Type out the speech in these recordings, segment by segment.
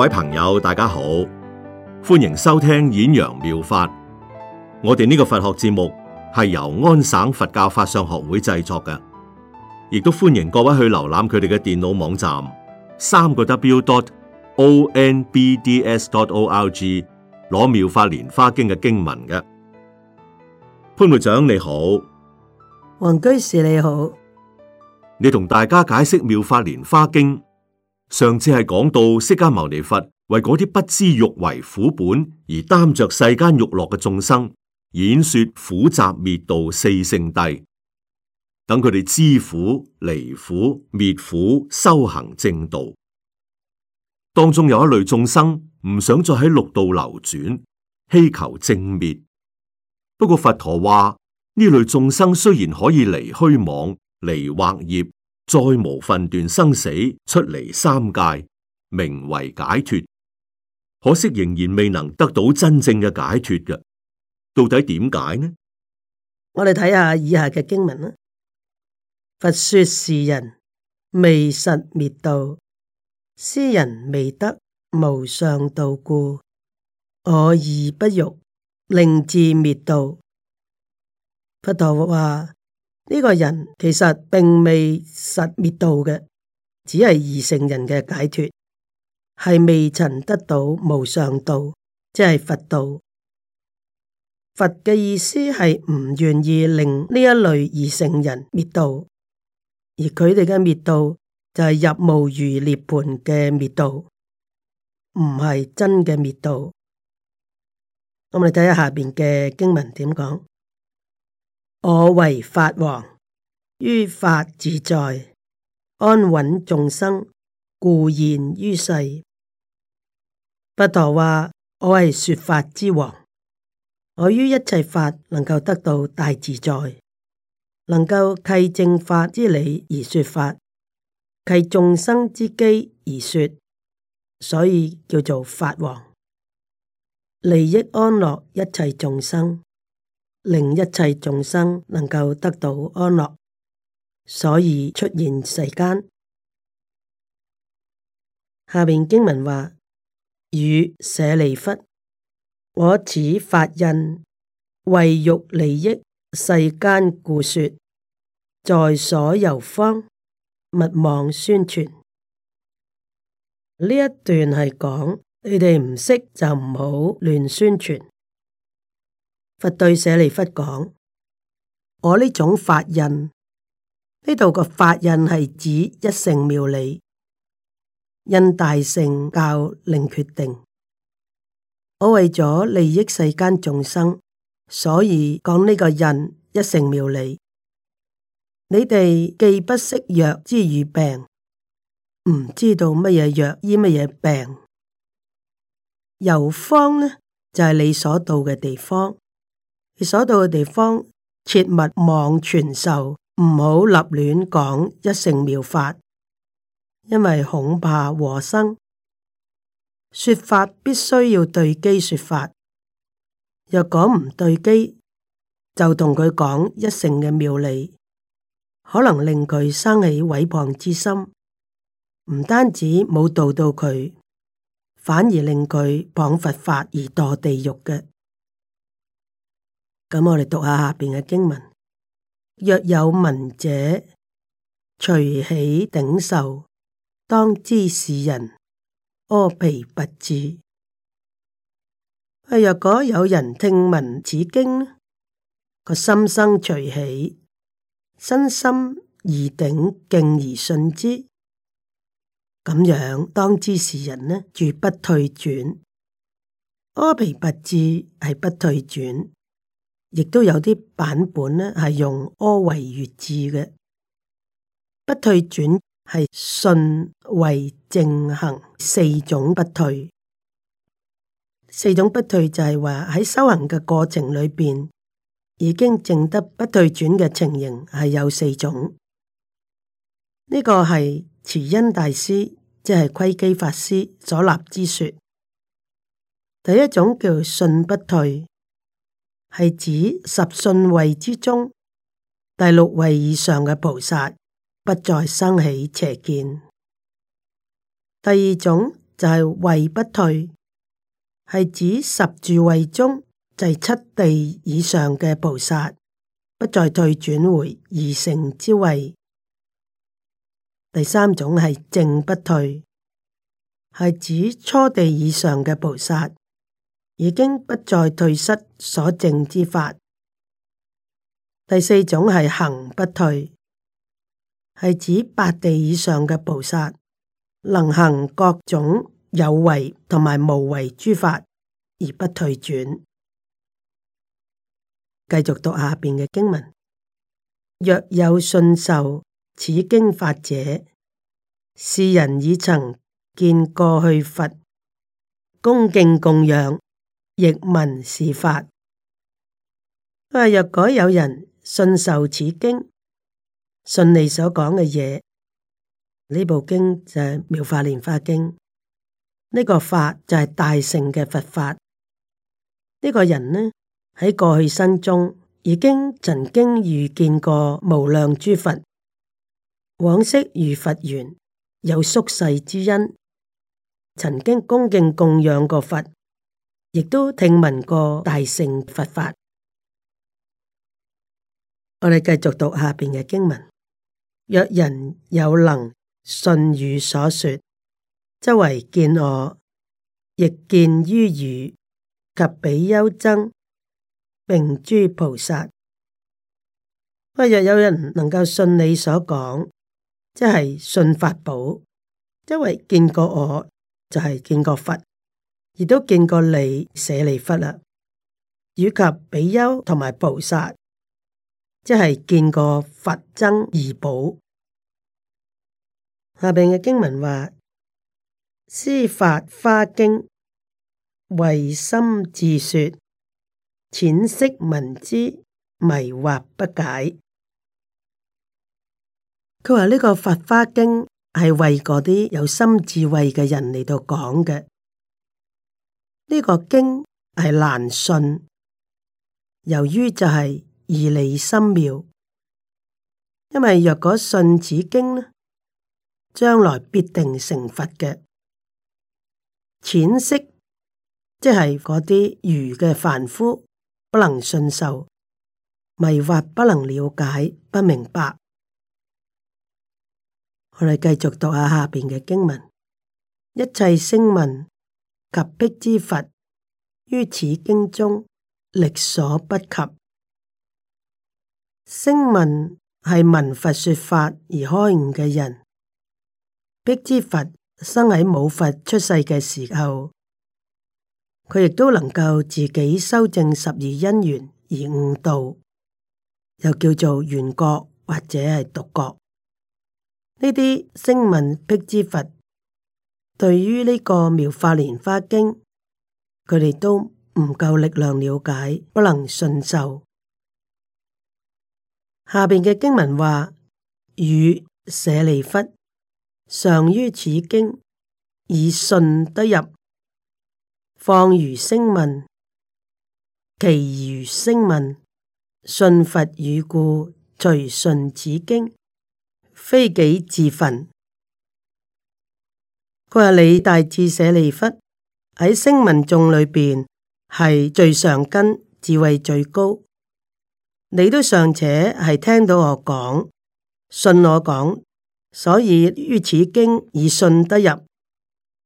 各位朋友，大家好，歡迎收聽演揚妙，妙法。我哋呢個佛學節目係由安省佛教法相學會製作嘅，亦都歡迎各位去瀏覽佢哋嘅電腦網站三個 w.dot.o.n.b.d.s.dot.o.l.g 攞妙法蓮花經嘅經文嘅。潘會長你好，黃居士你好，你同大家解釋妙法蓮花經。上次係講到釋迦牟尼佛為嗰啲不知欲為苦本而擔着世間欲樂嘅眾生演說苦集滅道四聖諦，等佢哋知苦、離苦、滅苦、修行正道。當中有一類眾生唔想再喺六道流轉，希求正滅。不過佛陀話呢類眾生雖然可以離虛妄、離惑業。再無分段生死，出離三界，名為解脫。可惜仍然未能得到真正嘅解脫嘅，到底點解呢？我哋睇下以下嘅經文啦。佛說：是人未實滅度，斯人未得無上道故，我而不欲令至滅度。佛陀話。呢個人其實並未實滅度嘅，只係二乘人嘅解脫，係未曾得到無上道，即係佛道。佛嘅意思係唔願意令呢一類二乘人滅度，而佢哋嘅滅度就係入無餘涅槃嘅滅度，唔係真嘅滅度。咁我哋睇下下邊嘅經文點講。我為法王，於法自在，安穩眾生，故現於世。佛陀話：我係說法之王，我於一切法能夠得到大自在，能夠契正法之理而說法，契眾生之機而說，所以叫做法王，利益安樂一切眾生。令一切眾生能夠得到安樂，所以出現世間。下面經文話：與舍利弗，我此法印為欲利益世間故說，說在所遊方勿妄宣傳。呢一段係講你哋唔識就唔好亂宣傳。佛對舍利弗講：我呢種法印，呢度個法印係指一乘妙理，因大乘教令決定。我為咗利益世間眾生，所以講呢個印一乘妙理。你哋既不識藥之與病，唔知道乜嘢藥醫乜嘢病。遊方呢就係、是、你所到嘅地方。所到嘅地方，切勿望傳授，唔好立亂講一乘妙法，因為恐怕和生。說法必須要對機說法，若果唔對機，就同佢講一乘嘅妙理，可能令佢生起毀謗之心，唔單止冇導到佢，反而令佢謗佛法而墮地獄嘅。咁我哋讀下下邊嘅經文：若有聞者，隨喜頂受，當知是人阿鞞跋致。啊，若果有人聽聞此經，個心生隨喜，身心而頂敬而信之，咁樣當知是人呢，絕不退轉。阿鞞跋致係不退轉。亦都有啲版本咧，係用柯維語字嘅不退轉係信為正行四種不退，四種不退就係話喺修行嘅過程裏邊已經證得不退轉嘅情形係有四種。呢個係慈恩大師即係窺基法師所立之說，第一種叫信不退。係指十信位之中第六位以上嘅菩薩不再生起邪見。第二種就係位不退，係指十住位中就七地以上嘅菩薩不再退轉回二乘之位。第三種係正不退，係指初地以上嘅菩薩。已經不再退失所證之法。第四種係行不退，係指八地以上嘅菩薩能行各種有為同埋無為諸法而不退轉。繼續讀下邊嘅經文：若有信受此經法者，是人已曾見過去佛恭敬供養。亦問是法，佢話，若果有人信受此經，信你所講嘅嘢，呢部經就係、是、妙法蓮花經，呢、這個法就係大乘嘅佛法，呢、這個人呢喺過去生中已經曾經遇見過無量諸佛，往昔如佛緣有宿世之因，曾經恭敬供養過佛。亦都聽聞過大乘佛法，我哋繼續讀下邊嘅經文。若人有能信汝所說，即為見我，亦見於汝及比丘僧，並諸菩薩。若有人能夠信你所講，即係信法寶，因為見過我，就係、是、見過佛。亦都見過利舍利弗啦，以及比丘同埋菩薩，即係見過佛僧而寶。下邊嘅經文話：《斯法花經》，為深智說，淺識聞之迷惑不解。佢話呢個法花經係為嗰啲有心智慧嘅人嚟到講嘅。呢個經係難信，由於就係義理深妙，因為若果信此經呢，將來必定成佛嘅淺色，即係嗰啲愚嘅凡夫不能信受，迷惑不能了解不明白。我哋繼續讀下下邊嘅經文，一切聲聞。及辟支佛於此經中力所不及。聲聞係聞佛說法而開悟嘅人，辟支佛生喺無佛出世嘅時候，佢亦都能夠自己修正十二因緣而悟道，又叫做緣覺或者係獨覺。呢啲聲聞辟支佛。對於呢、這個妙法蓮華經，佢哋都唔夠力量了解，不能信受。下邊嘅經文話：汝舍利弗，尚於此經以信得入，況餘聲聞，其餘聲聞，信佛語故，隨順此經，非己智分。佢話你大智舍利弗喺聲聞眾裏邊係最上根，智慧最高，你都尚且係聽到我講，信我講，所以於此經以信得入，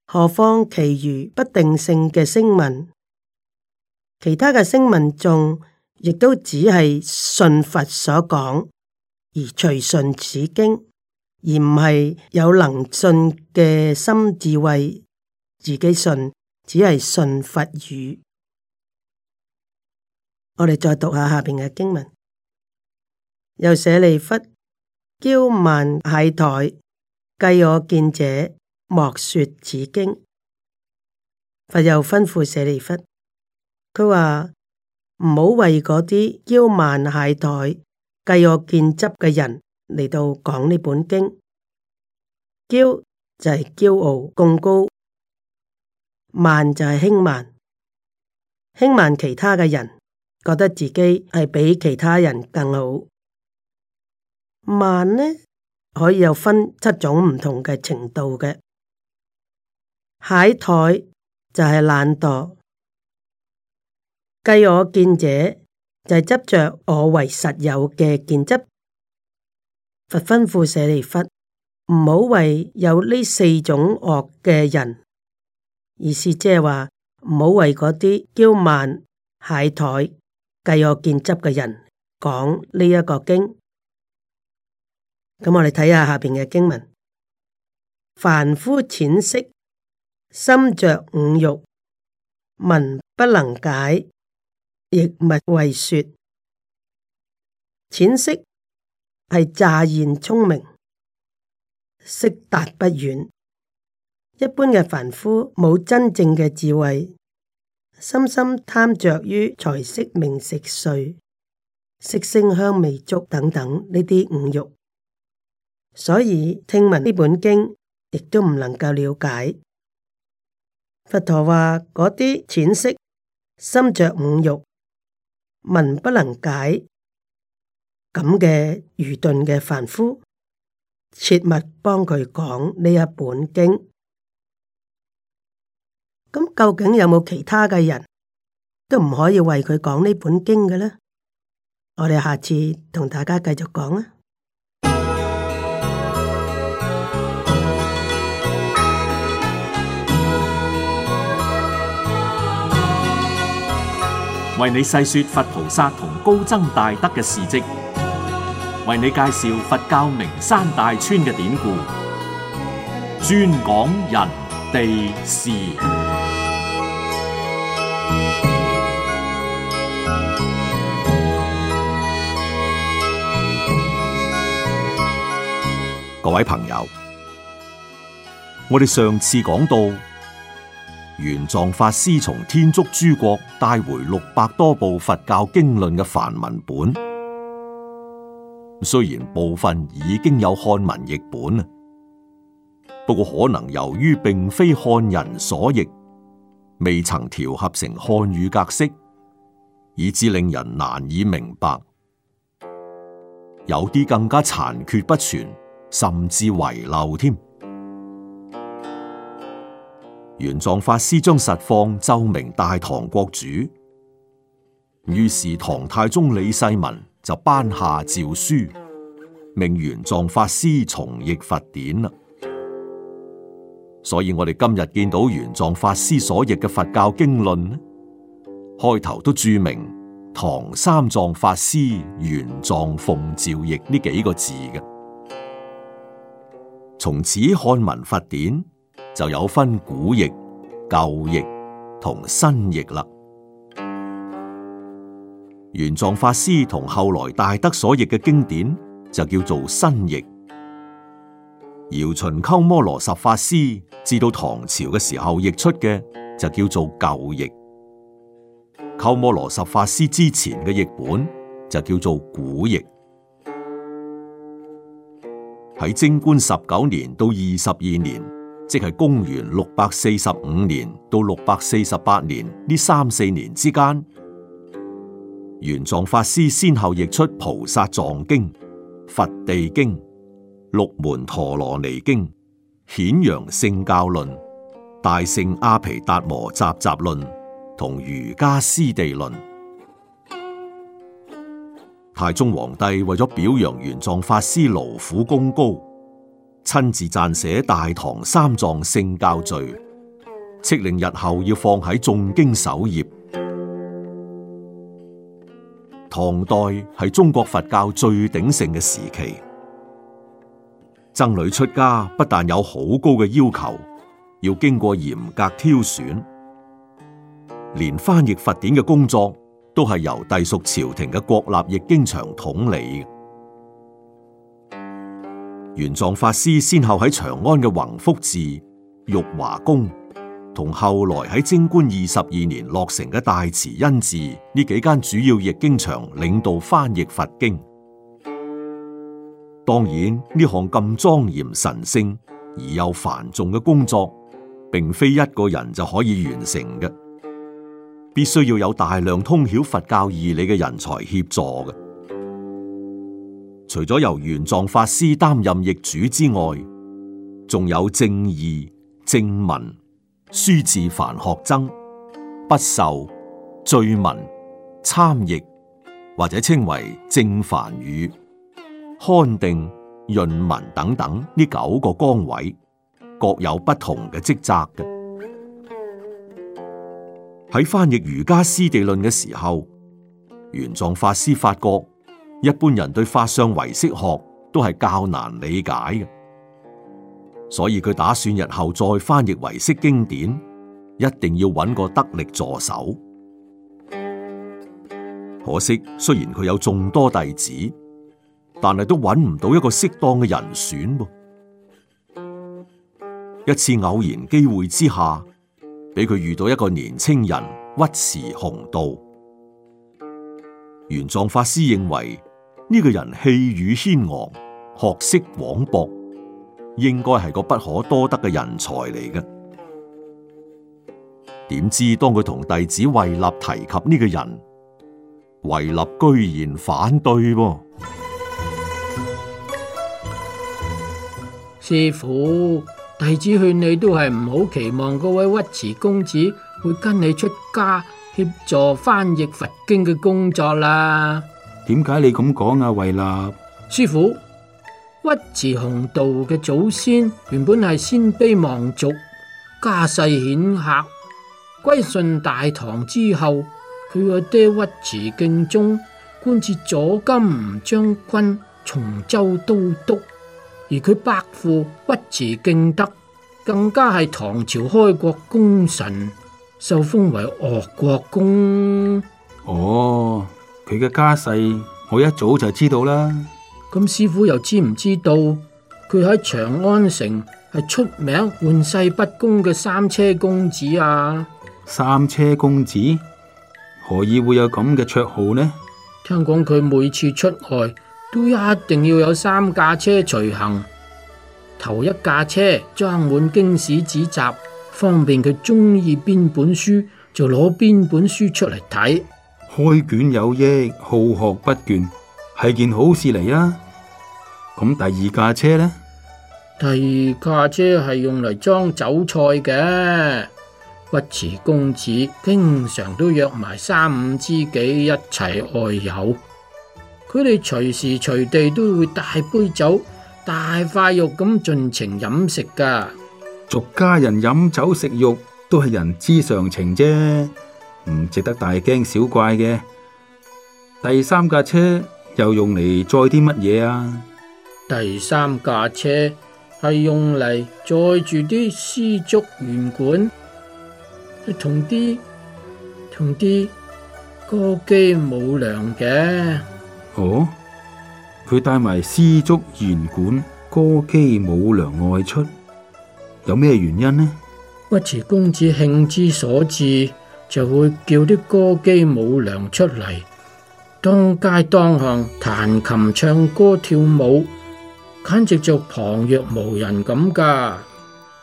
何況其餘不定性嘅聲聞，其他嘅聲聞眾亦都只係信佛所講而隨順此經。而唔係有能信嘅心智慧，自己信，只係信佛語。我哋再讀下下邊嘅經文，又舍利弗，驕慢懈怠，計我見者，莫說此經。佛又吩咐舍利弗，佢話唔好為嗰啲驕慢懈怠，計我見執嘅人。嚟到講呢本經，驕就係驕傲高，貢高慢就係輕慢，輕慢其他嘅人，覺得自己係比其他人更好。慢呢可以有分七種唔同嘅程度嘅，懈怠就係懶惰，計我見者就係、是、執着我為實有嘅見執。吩咐舍利弗，唔好為有呢四種惡嘅人，意思即係話唔好為嗰啲驕慢、懈怠、計我見執嘅人講呢一個經。咁我哋睇下下邊嘅經文：凡夫淺識，心着五欲，文不能解，亦勿為說。淺識。係乍然聰明，識達不遠。一般嘅凡夫冇真正嘅智慧，深深貪着於財色名食睡、色聲香味觸等等呢啲五欲，所以聽聞呢本經亦都唔能夠了解。佛陀話：嗰啲淺識，深着五欲，聞不能解。咁嘅愚鈍嘅凡夫，切勿幫佢講呢一本經。咁究竟有冇其他嘅人都唔可以為佢講呢本經嘅呢？我哋下次同大家繼續講啊！為你細說佛菩薩同高僧大德嘅事跡。為你介紹佛教名山大川嘅典故，專講人地事。各位朋友，我哋上次講到，玄奘法師從天竺諸國帶回六百多部佛教經論嘅梵文本。雖然部分已經有漢文譯本，不過可能由於並非漢人所譯，未曾調合成漢語格式，以致令人難以明白。有啲更加殘缺不全，甚至遺漏添。玄奘法師將實況奏明大唐國主，於是唐太宗李世民，就頒下詔書，命玄奘法師重譯佛典啦。所以我哋今日見到玄奘法師所譯嘅佛教經論，開頭都注明唐三藏法師玄奘奉詔譯呢幾個字嘅。從此漢文佛典就有分古譯、舊譯同新譯啦。玄奘法師同後來大德所譯嘅經典就叫做新譯，姚秦鳩摩羅什法師至到唐朝嘅時候譯出嘅就叫做舊譯，鳩摩羅什法師之前嘅譯本就叫做古譯。喺貞觀十九年到二十二年，即係公元六百四十五年到六百四十八年呢三四年之間。玄奘法師先後譯出《菩薩藏經》《佛地經》《六門陀羅尼經》《顯揚聖教論》《大聖阿毗達摩雜集論》同《瑜伽師地論》。太宗皇帝為咗表揚玄奘法師勞苦功高，親自撰寫《大唐三藏聖教序》，敕令日後要放喺眾經首頁。唐代係中國佛教最鼎盛嘅時期，僧侶出家不但有好高嘅要求，要經過嚴格挑選，連翻譯佛典嘅工作都係由隸屬朝廷嘅國立譯經場統理。玄奘法師先後喺長安嘅弘福寺、玉華宮。同後來喺貞觀二十二年落成嘅大慈恩寺呢幾間主要譯經場，領導翻譯佛經。當然呢項咁莊嚴神聖而又繁重嘅工作，並非一個人就可以完成嘅，必須要有大量通曉佛教義理嘅人才協助嘅。除咗由玄奘法師擔任譯主之外，仲有證義、證文。書字凡學僧不受罪文參譯，或者稱為正梵語、勘定潤文等等，呢九個崗位各有不同嘅職責嘅。喺翻譯瑜伽師地論嘅時候，玄奘法師發覺一般人對法相唯識學都係較難理解嘅。所以佢打算日後再翻譯唯識經典，一定要揾個得力助手。可惜雖然佢有眾多弟子，但係都揾唔到一個適當嘅人選。一次偶然機會之下，俾佢遇到一個年青人尉遲洪道。玄奘法師認為呢、這個人氣宇軒昂，學識廣博。應該係個不可多得嘅人才嚟嘅。點知當佢同弟子慧立提及呢個人，慧立居然反對。師傅，弟子勸你都係唔好期望嗰位尉遲公子會跟你出家協助翻譯佛經嘅工作啦。點解你咁講啊？慧立，師傅。尉遲洪道嘅祖先原本係鮮卑望族，家世顯赫。歸順大唐之後，佢阿爹尉遲敬宗官至左金吾將軍、松州都督，而佢伯父尉遲敬德更加係唐朝開國功臣，受封為鄂國公。哦，佢嘅家世我一早就知道啦。咁師傅又知唔知道佢喺長安城係出名玩世不恭嘅三車公子啊？三車公子何以會有咁嘅綽號呢？聽講佢每次出外都一定要有三架車隨行，頭一架車裝滿經史子集，方便佢中意邊本書就攞邊本書出嚟睇。開卷有益，好學不倦係件好事嚟啊！咁第二架車呢？第二架車係用嚟裝酒菜嘅。尉遲公子經常都約埋三五知己一齊外遊，佢哋隨時隨地都會大杯酒、大塊肉咁盡情飲食㗎。俗家人飲酒食肉都係人之常情啫，唔值得大驚小怪嘅。第三架車又用嚟載啲乜嘢啊？第三架車係用嚟載住啲絲竹弦管，同啲同啲歌姬舞娘嘅。哦，佢帶埋絲竹弦管、歌姬舞娘外出，有咩原因呢？尉遲公子興之所至，就會叫啲歌姬舞娘出嚟，當街當巷彈琴、唱歌、跳舞。簡直就旁若無人咁噶！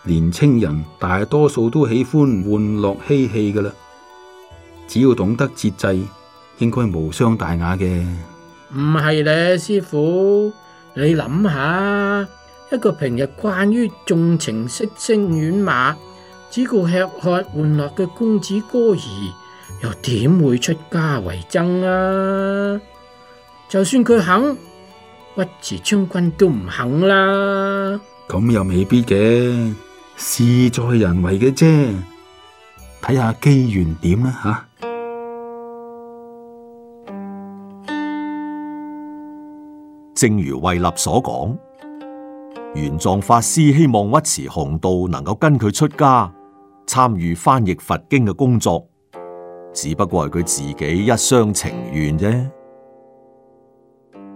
年青人大多數都喜歡玩樂嬉戲噶啦，只要懂得節制，應該無傷大雅嘅。唔係咧，師父，你諗下，一個平日慣於縱情色聲、軟馬，只顧吃喝玩樂嘅公子哥兒，又點會出家為僧啊？就算佢肯。尉遲將軍都唔肯啦，咁又未必嘅，事在人為嘅啫。睇下機緣點啦吓。 正如慧立所講，玄奘法師希望尉遲洪道能夠跟佢出家，參與翻譯佛經嘅工作，只不過係佢自己一廂情願啫。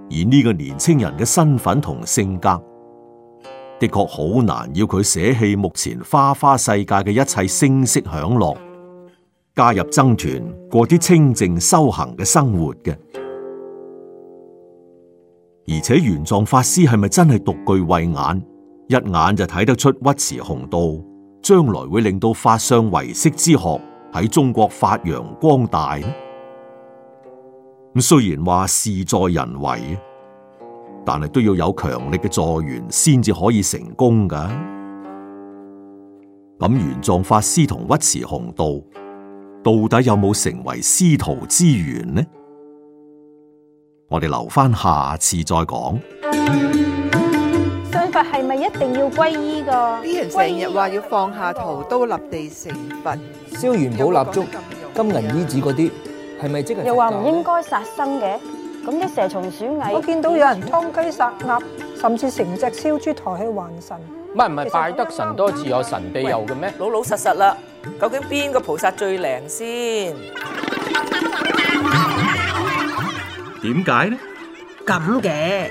而呢個年青人嘅身份同性格，的確好難要佢捨棄目前花花世界嘅一切聲色享樂，加入僧團過啲清靜修行嘅生活嘅。而且玄奘法師係咪真係獨具慧眼，一眼就睇得出尉遲洪道將來會令到法相唯識之學喺中國發揚光大呢？咁雖然話事在人為，但係都要有強力嘅助緣，先至可以成功噶。咁玄奘法師同尉遲雄道，到底有冇成為師徒之緣呢？我哋留翻下次再講。信佛係咪一定要皈依噶？啲人成日話要放下屠刀立地成佛，燒元寶蠟燭、有有金銀衣紙嗰啲。又話唔應該殺生嘅，咁啲蛇蟲鼠蟻，我見到有人劏雞殺鴨，甚至成隻燒豬抬起還神，唔係唔係拜得神多自有神庇佑嘅咩？老老實實啦，究竟邊個菩薩最靈先？點解呢？咁嘅，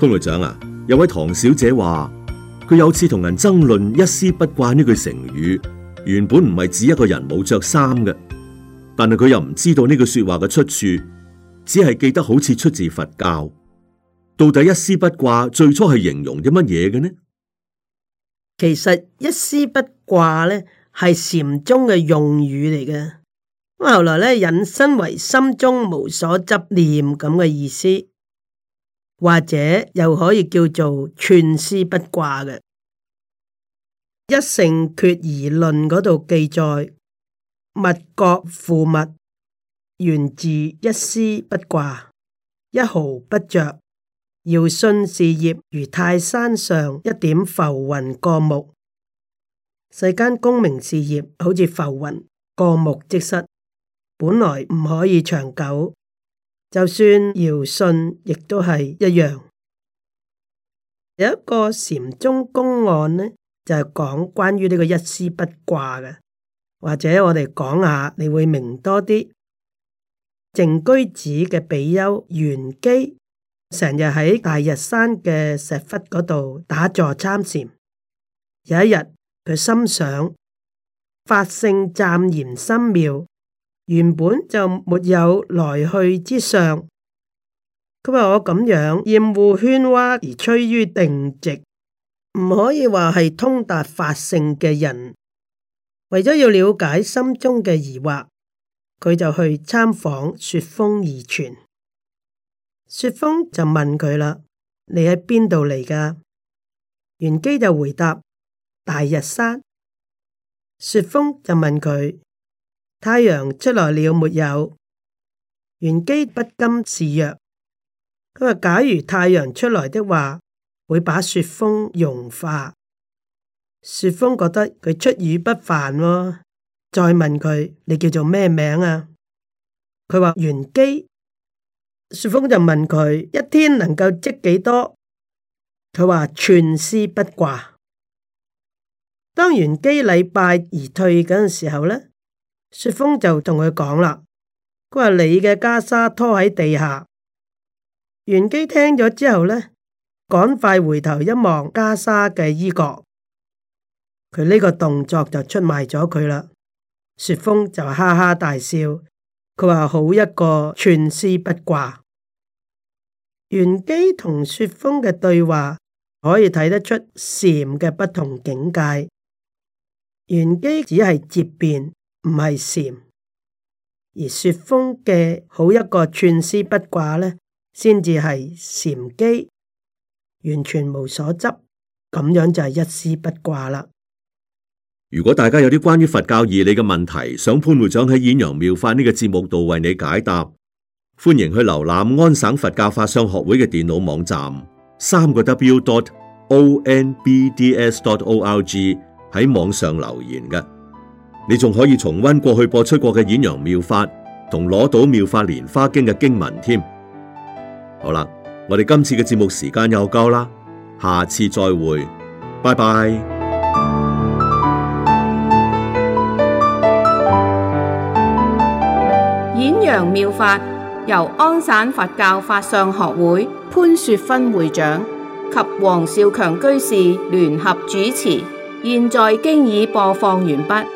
潘隊長啊，有位唐小姐話。佢有次同人爭論一絲不掛呢句成語，原本唔係指一個人冇着衫嘅，但係佢又唔知道呢句說話嘅出處，只係記得好似出自佛教。到底一絲不掛最初係形容啲乜嘢嘅呢？其實一絲不掛咧係禪宗嘅用語嚟嘅，咁後來咧引申為心中無所執念咁嘅意思。或者又可以叫做寸絲不掛嘅《一乘決疑論》嗰度記載：物各付物，源自一絲不掛、一毫不着。堯舜事業如泰山上一點浮雲過目，世間功名事業好似浮雲過目即失，本來唔可以長久。就算堯舜亦都係一樣，有一個禪宗公案呢，就係、是、講關於呢個一絲不掛嘅。或者我哋講下，你會明多啲。淨居寺嘅比丘玄機，成日喺大日山嘅石窟嗰度打坐參禪。有一日，佢心想法性湛然深妙。原本就沒有來去之相，佢話我咁樣厭惡喧嘩而趨於定寂，唔可以話係通達法性嘅人。為咗要了解心中嘅疑惑，佢就去參訪雪峰義存。雪峰就問佢啦：你喺邊度嚟噶？玄機就回答：大日山。雪峰就問佢。太陽出來了沒有？玄機不甘示弱，佢話假如太陽出來的話，會把雪峰融化。雪峰覺得佢出語不凡，哦，再問佢，你叫做咩名啊？佢話玄機。雪峰就問佢一天能夠織幾多？佢話寸絲不掛。當玄機禮拜而退嗰陣時候咧。雪峰就同佢講啦，佢話你嘅袈裟拖喺地下。玄機聽咗之後呢，趕快回頭一望袈裟嘅衣角，佢呢個動作就出賣咗佢啦。雪峰就哈哈大笑，佢話好一個一絲不掛。玄機同雪峰嘅對話可以睇得出禪嘅不同境界。玄機只係接辯。唔係禪，而雪峰嘅好一個寸絲不掛咧，先至係禪機，完全無所執，咁樣就係一絲不掛啦。如果大家有啲關於佛教義理嘅問題，想潘會長喺演揚妙法呢個節目度為你解答，歡迎去瀏覽安省佛教法相學會嘅電腦網站，三個 W dot O N B D S dot O R G 喺網上留言嘅。你仲可以重溫過去播出過嘅《演揚妙法》，同攞到《妙法蓮花經》嘅經文添。好啦，我哋今次嘅節目時間又夠啦，下次再會，拜拜。演揚妙法由安省佛教法相學會潘雪芬會長及黃少強居士聯合主持，現在經已播放完畢。